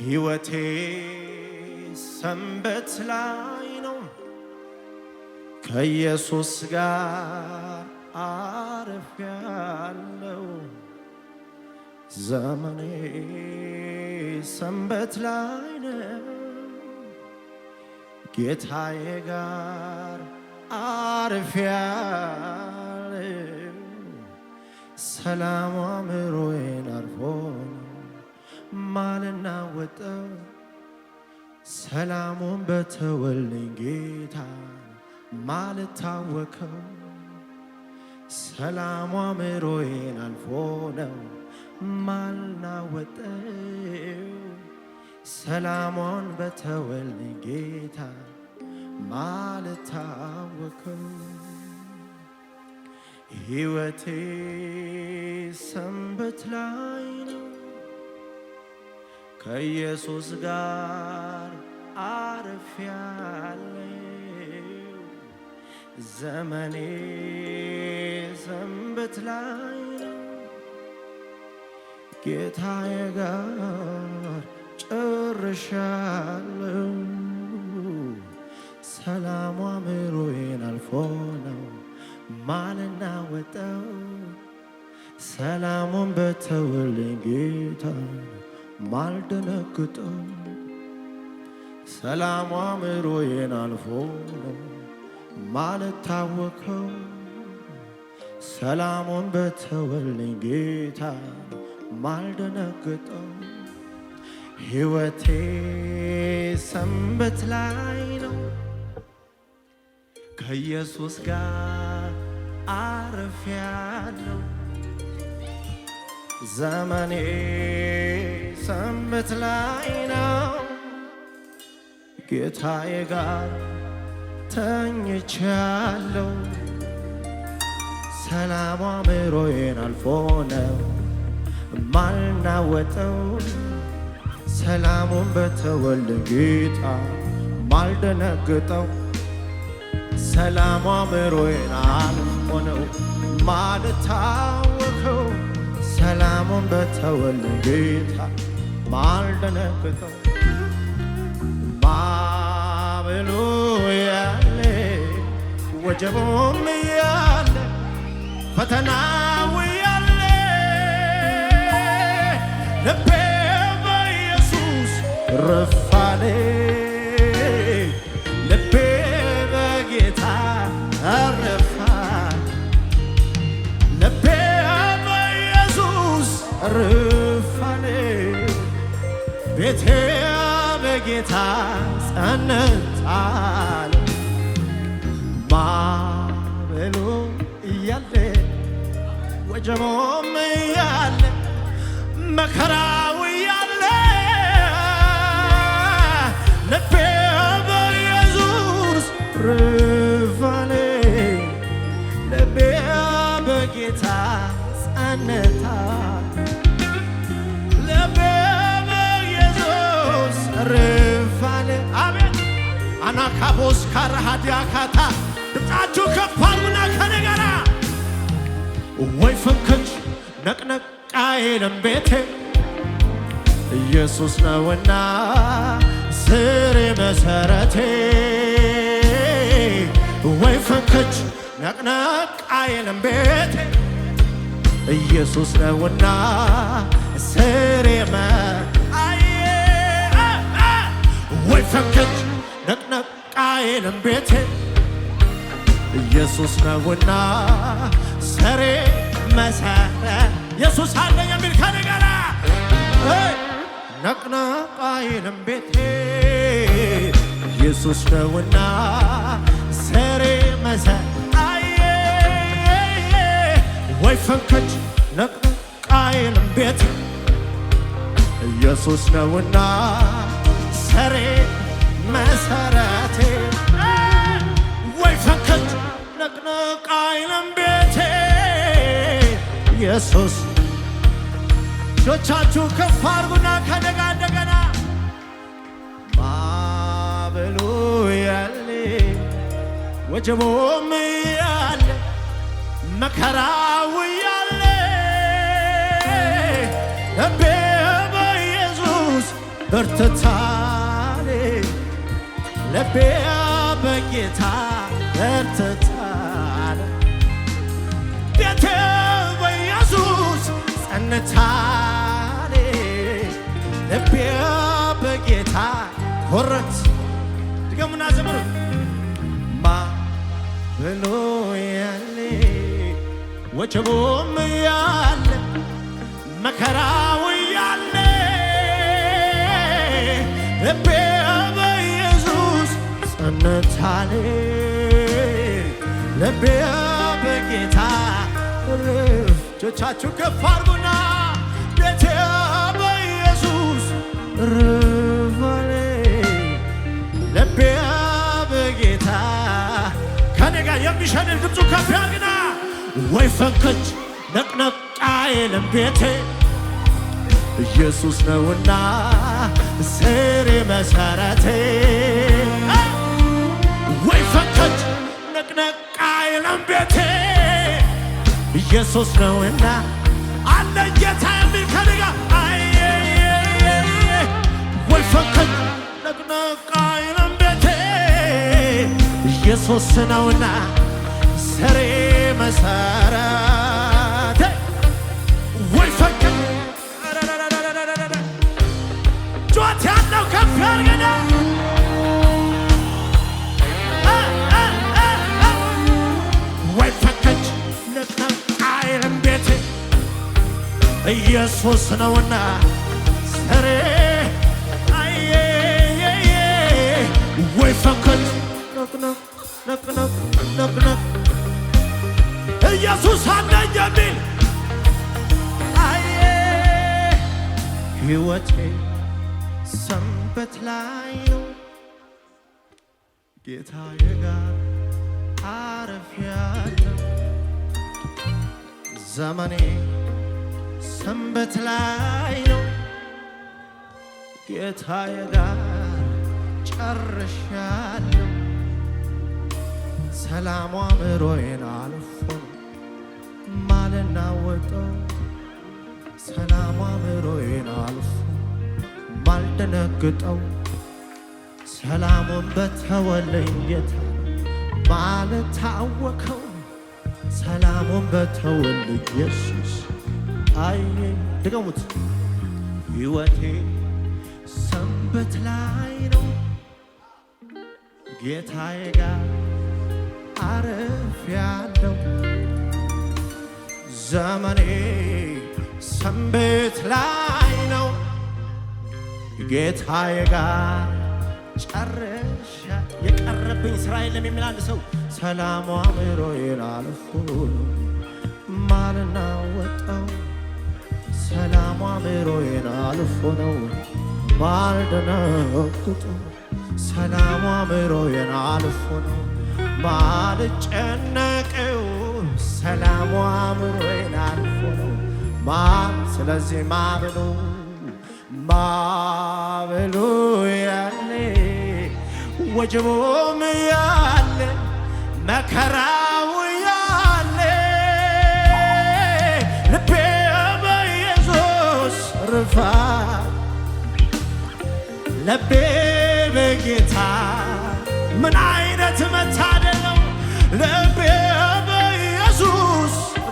ሕይወቴ ሰንበት ላይ ነው ከኢየሱስ ጋር አረፍ ያለው ዘመኔ ሰንበት ላይ ነው ጌታዬ ጋር አረፍ ያለው ሰላም አምሮዬን አርፎ ማልና ወጠው ሰላሙን በተወልኝ ጌታ ማልታወከው ሰላሙ አምሮዬን አልፎ ነው ማልናወጠው ሰላሙን በተወልኝ ጌታ ማልታወከው ሕይወቴ ሰንበት ላይ ነው ከኢየሱስ ጋር አርፌያለሁ። ዘመኔ ሰንበት ላይ ነው ጌታዬ ጋር ጨርሻለሁ። ሰላሟ ምሮዬን አልፎ ነው ማንና ወጠው ሰላሙን በተወልኝ ጌታ ማልደነግጥም ሰላሟ አእምሮዬን አልፎ ነው ማልታወከው ሰላሙን በተወልኝ ጌታ ማልደነግጠው ሕይወቴ ሰንበት ላይ ነው ከኢየሱስ ጋር አረፍ ያለው ዘመኔ ሰንበት ላይ ነው ጌታዬ ጋር ተኝቻለሁ። ሰላሟ አእምሮዬን አልፎ ነው ማልናወጠው ሰላሙን በተወል ጌታ ማልደነግጠው ሰላሟ አእምሮዬን አልፎ ነው ማልታወከው ሰላሙን በተወል ጌታ ማልደነግጠው ማዕበሉ ያለ ወጀቡም ያለ ፈተናው ያለ ልቤ በኢየሱስ ረፋሌ ሙሴያ በጌታ ጸንታለ ማዕበሉ እያለ ወጀቦም እያለ መከራ ካቦስ ካራሃዲያ ካታ ድምፃችሁ ከፍ አድርጉና ከኔ ጋራ ወይ ፍንክች ነቅነቅ አይልም ቤቴ ኢየሱስ ነውና ስሬ መሰረቴ ወይ ፍንክች ነቅነቅ አይልም ቤቴ ኢየሱስ ነውና ስሬ መ ወይ ፍንክች ነቅነቅ አይልም ቤቴ ኢየሱስ ነውና ሰሬ መሰረ ኢየሱስ አለኝ የሚል ከኔ ጋር ነቅነቅ ቤቴ ኢየሱስ ነውና ሰሬ መሰረ ወይ ፈንከች ቤቴ ኢየሱስ ነውና ሰሬ መሰረ ኢየሱስ እጆቻችሁ ከፍ አርጉና ከነጋ እንደገና ማዕበሉ ያለ ወጀቦም ያለ መከራው ያለ ልቤ በኢየሱስ በርትታል ልቤ በጌታ በርትታ ሰውነታኔ ልቤ በጌታ ኮረት ድገሙና ዘምሩ ማ ብሎ ያለ ወጀቡም ያለ መከራው ያለ ልቤ በኢየሱስ ጸነታኔ ልቤ በጌታ እጆቻችሁ ከፍ አድርጉ የሚሸድል ድምፁ ከፍ ያርግና ወይ ፈንክች ነቅነቅ አይልም ቤቴ ኢየሱስ ነውና ስሬ መሰረቴ ወይ ፈንክች ነቅነቅ አይልም ቤቴ ኢየሱስ ነውና አለ ጌታ የሚል ከኔጋ ወይ ፈንክች ነቅነቅ አይልም ቤቴ ኢየሱስ ነውና የከሰሬ መሰረት ወይ ፈቅ ጩኸት ያለው ከፍ ያርገና ወይ ፈቀች ንቅንቅ ቤቴ ኢየሱስ ነውና ሰሬ ወይ ፈቀች ነቅነቅ ነቅነቅ ነቅነቅ ኢየሱስ አለኝ የሚል አየ ሕይወቴ ሰንበት ላይ ነው ጌታዬ ጋር አረፊያለሁ ዘመኔ ሰንበት ላይ ነው ጌታዬ ጋር ጨርሻለሁ ሰላሟ አልፎ ማለና ወጠው ሰላም አምሮዬን አልፎ ማልደነግጠው ሰላሙን በተወለኝ ጌታ ማለት ታወከው ሰላሙን በተወል ኢየሱስ አየ ድገሙት ሕይወቴ ሰንበት ላይ ነው ጌታዬ ጋር አረፍ ያለው ዘመኔ ሰንበት ላይ ነው ጌታዬ ጋር ጨርሻ የቀረብኝ ስራ የለም የሚል አንድ ሰው ሰላሙ አእምሮዬን አልፎ ማልና ወጣው ሰላሙ አእምሮዬን አልፎ ነው ማልደነቁጡ ሰላሙ አእምሮዬን አልፎ ነው ማልጨነቀው ሰላሙ አእምሮዬን አልፎ ነው ስለዚህ ማብሉ ማብሉ ያለ ወጀቦም ያለ መከራው ያለ ልቤ በኢየሱስ ርፋ ልቤ በጌታ ምን አይነት መታደል ልቤ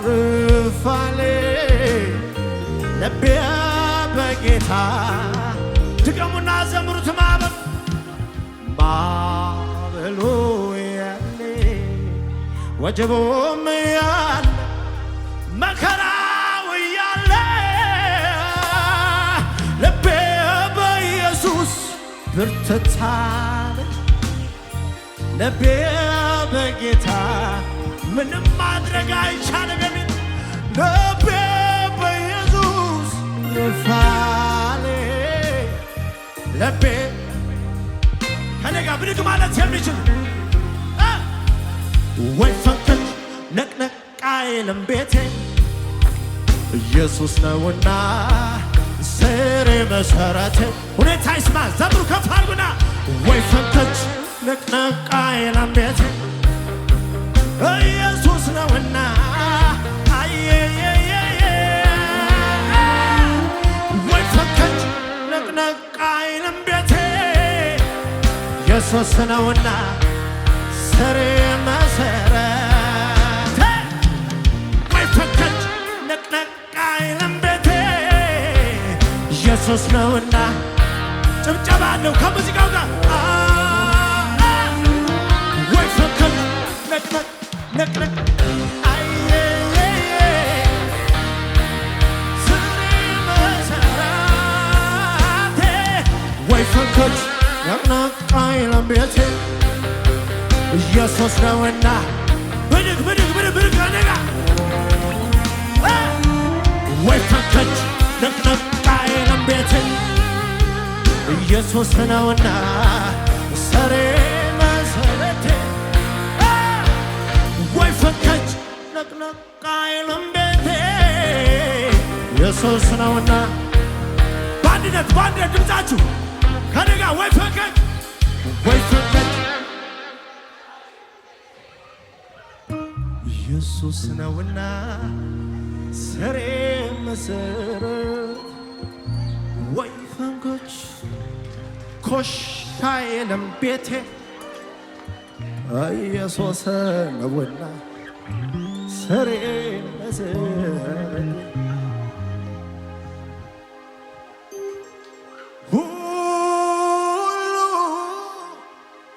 ያርፋል ልቤ በጌታ ድገሙና ዘምሩት ማዕበል ማዕበሉ ያለ ወጀቡም ያለ መከራው ያለ ልቤ በኢየሱስ ልቤ በጌታ ምንም ማድረግ አይቻልም የሚል ልቤ በኢየሱስ ፋሌ ልቤ ከኔ ጋር ብድግ ማለት የሚችል ወይ ፈንክል ነቅነቅ አይልም ቤቴ ኢየሱስ ነውና ስሬ መሰረቴ ሁኔታ ይስማ ዘምሩ ከፍ አድርጉና ወይ ፈንክል ነቅነቅ አይልም ቤቴ ኢየሱስ ነውና ወይ ፈከች ነቅነቅ አይልም ቤቴ ኢየሱስ ነውና ስሬ መሰረት ወይ ፈከች ነቅነቅ አይልም ቤቴ ኢየሱስ ነውና ጭብጨባ አለው ከሙዚቃው ጋር ወይ ፈከች ነቅነቅ ንቅንቅ ወይ ፈንከች ነቅናቃይ ለቤቴ ኢየሱስ ነውና ብድግ ብድግ ብድግ ብድግ አነጋ ወይ ፈንከች ነቅናቃይ ለቤቴ ኢየሱስ ነውና ጭንቅንቅ አይልም ቤቴ ኢየሱስ ነውና፣ በአንድነት በአንድነት ድምፃችሁ ከኔ ጋር ወይ ፈገግ ወይ ፈገግ ኢየሱስ ነውና ስሬ መሰረት ወይ ፈንጎች ኮሽታ የለም ቤቴ ኢየሱስ ነውና ሰሬ ሁሉ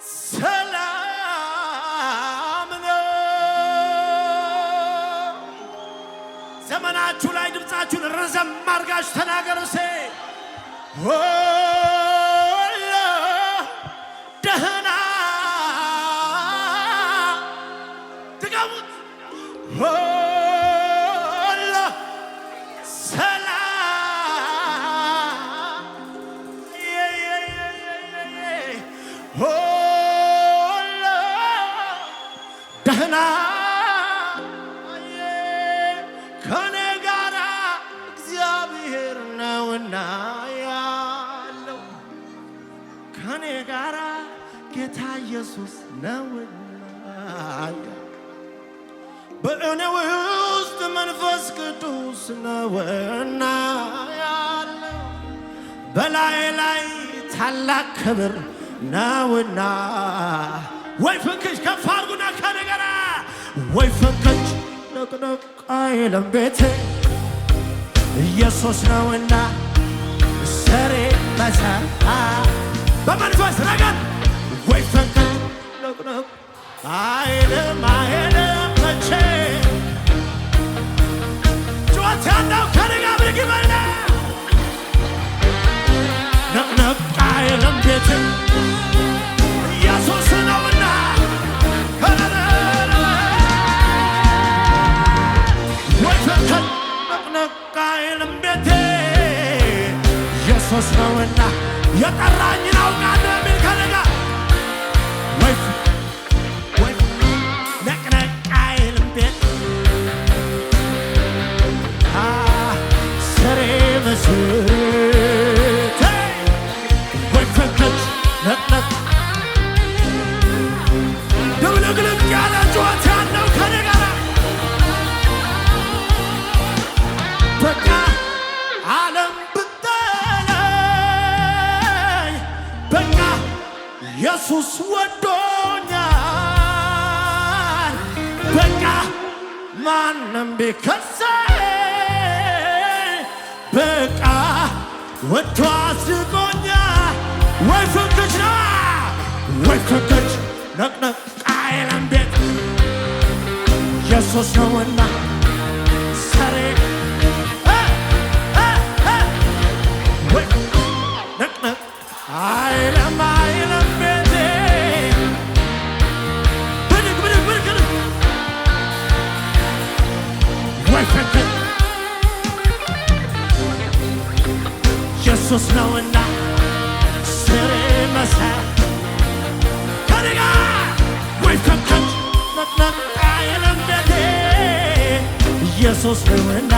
ሰላም ነው። ዘመናችሁ ላይ ድምፃችሁን ረዘም አድርጋችሁ ተናገሩ። ሴ ደህና ነውና ያለው በላይ ላይ ታላቅ ክብር ነውና ወይ ፍንክች ከፍ አድርጉና ከነገራ ወይ ፍንክች ንቅንቅ አይልም ቤቴ ኢየሱስ ነውና ስሬ በዛ በመንፈስ ረገድ ወይ ፍንክች ንቅንቅ አይልም አይልም ያጣው ከነጋብርግ በለ ነቅነቅ አይልም ቤት ኢየሱስ ነውና ወይ ፈተን ነቅነቅ አይልም ቤቴ ኢየሱስ ነውና የጠራኝን አውቃለሁ የሚል ከነጋ ወጥቶ አስቆኛ ወይ ፍንክች ና ወይ ፍንክች ነቅነቅ ቃየለን ቤት ኢየሱስ ነውና ኢየሱስ ነውና ስር መሰረት ከደጋ ወይ ከከች መቅለጣ የለም ቤቴ ኢየሱስ ነውና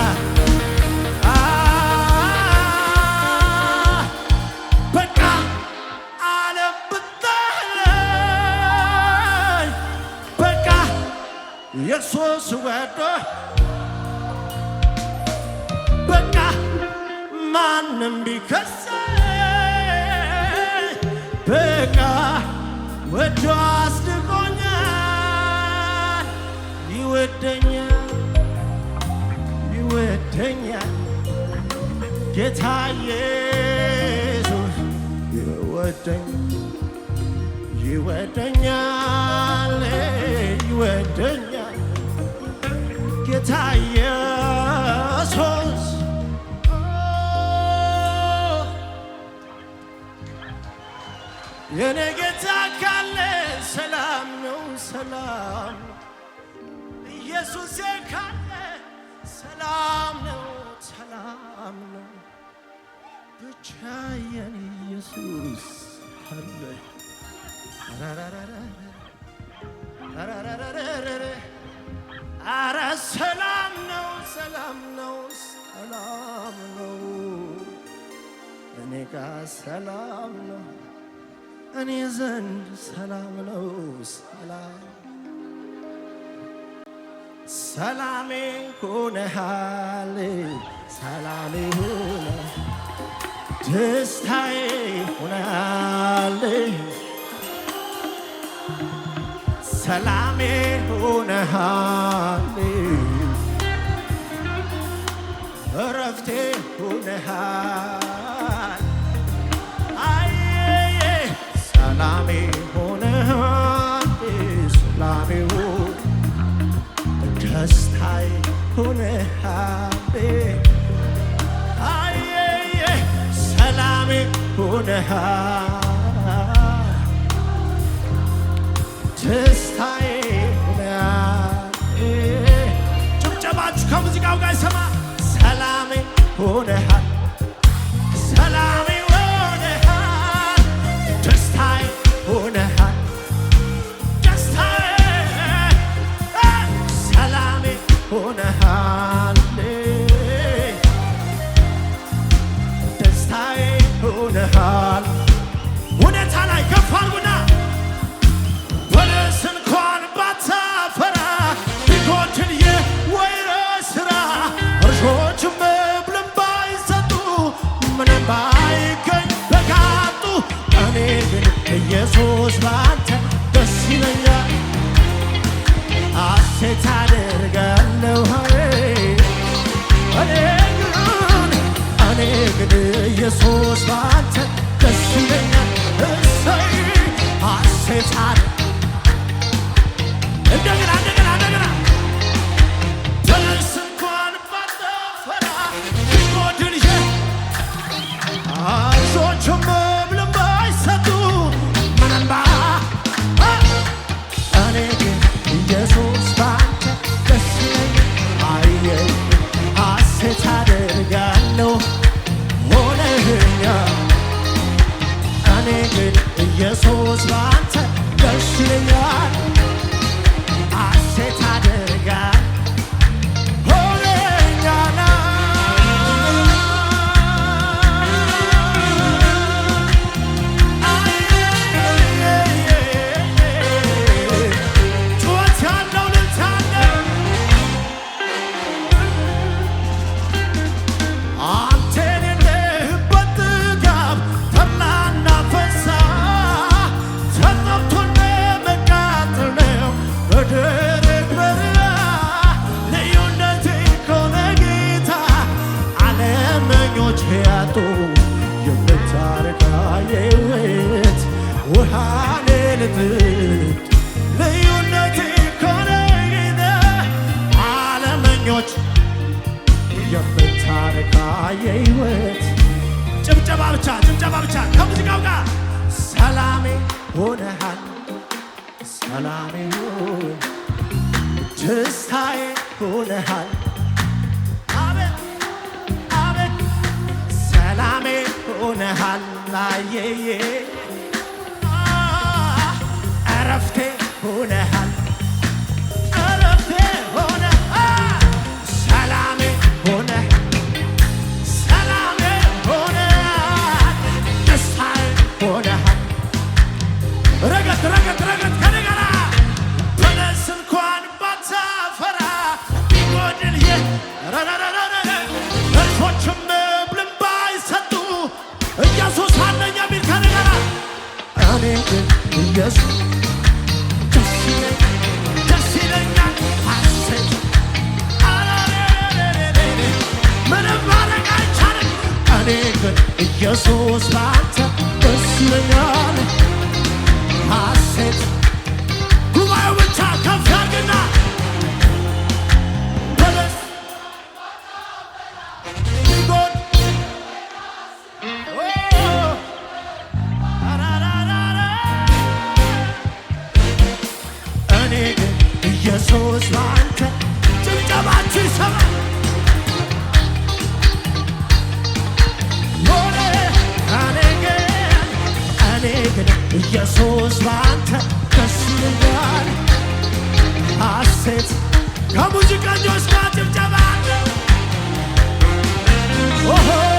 ማንም ቢከሰኝ በቃ ወዶ አስድቆኛል። ይወደኛል ይወደኛል ጌታ ኢየሱስ ይወደኛል ይወደኛል ይወደኛል ጌታ የኔ ጌታ ካለ ሰላም ነው ሰላም ኢየሱስ ካለ ሰላም ነው ሰላም ነው ብቻ የኔ ኢየሱስ አለ አረ ሰላም ነው ሰላም ነው ሰላም ነው እኔ ጋ ሰላም ነው እኔ ዘንድ ሰላም ነው ሰላም ሰላሜ ሆነሃል ሰላሜ ሆነ ደስታዬ ሆነሃል ሰላሜ ሆነሃል እረፍቴ ሆነሃል ሰላሜ ሆነ ሰላሜው ደስታይ ሆነ አየየ ሰላሜ ሆነ ደስታዬ ሆነ ጭብጨባችሁ ከሙዚቃው ጋር ይሰማ ሰላሜ ሆነ the heart. was mine. your soul's fire. Come on, you can just start to jump out. oh. oh.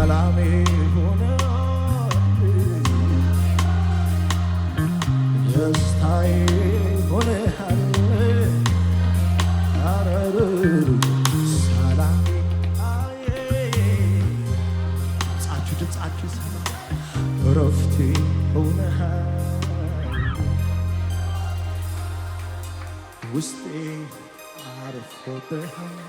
ሰላም ሆነ ደስታዬ ሆነ ሰላም ጻችሁ ድምጻችሁ እረፍቴ ሆነሃል ውስጤ አርፎብሃል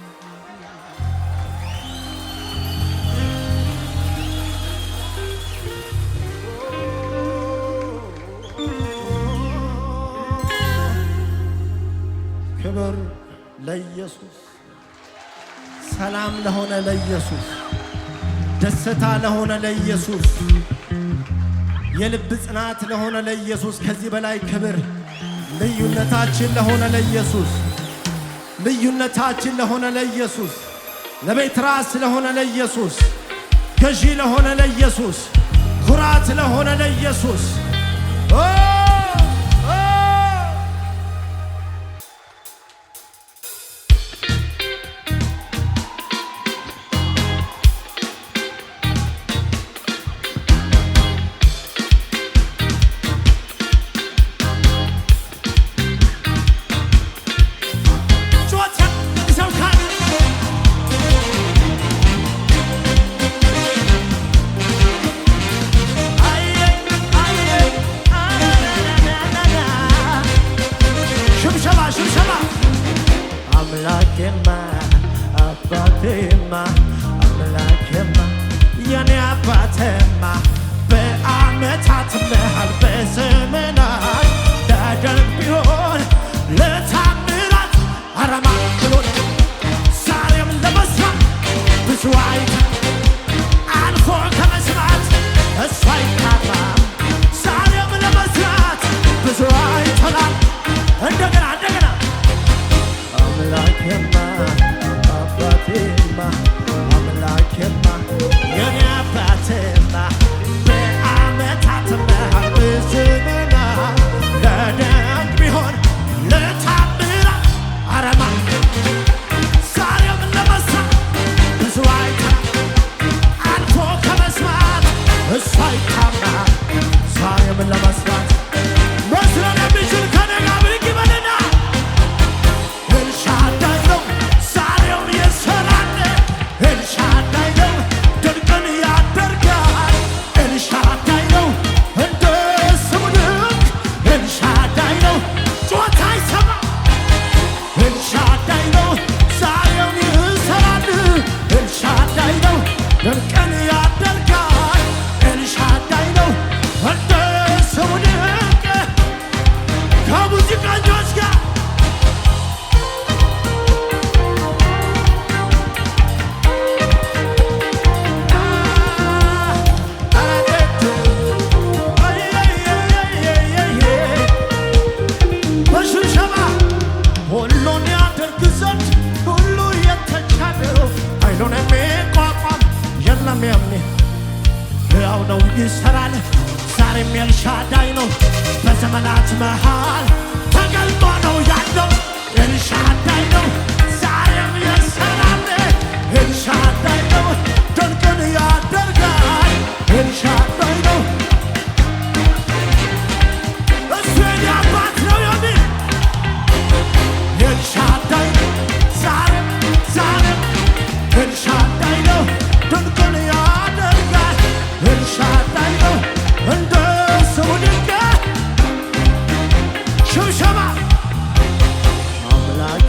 ለኢየሱስ፣ ሰላም ለሆነ ለኢየሱስ፣ ደስታ ለሆነ ለኢየሱስ፣ የልብ ጽናት ለሆነ ለኢየሱስ፣ ከዚህ በላይ ክብር ልዩነታችን ለሆነ ለኢየሱስ፣ ልዩነታችን ለሆነ ለኢየሱስ፣ ለቤት ራስ ለሆነ ለኢየሱስ፣ ገዢ ለሆነ ለኢየሱስ፣ ኩራት ለሆነ ለኢየሱስ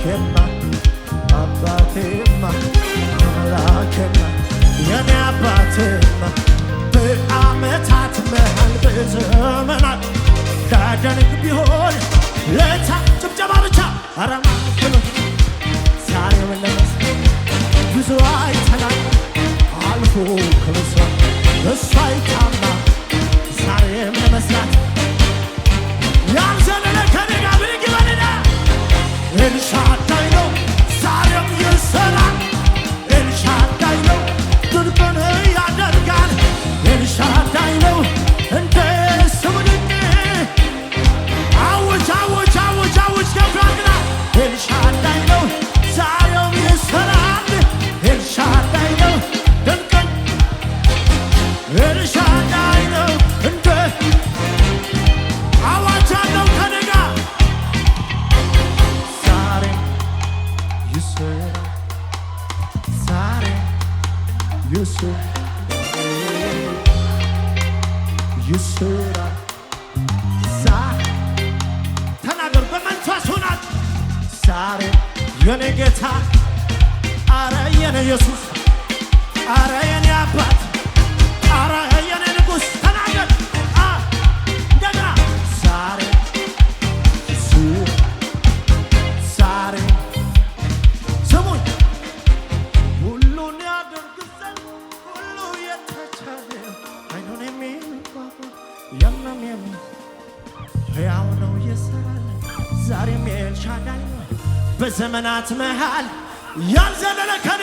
አምላኬማ አባቴማ አምላኬማ የኔ አባቴማ በአመታት መሃል በዘመናት ዳደንግ ቢሆን ለታ ጭብጨባ ብቻ አራማ ዛሬ መለመስ ብዙ አይተናል አልፎ ከበሷ እሷ አይታማ ዛሬም ለመስራት ያልዘ ชาติใดโลก በዘመናት መሃል ያልዘለለ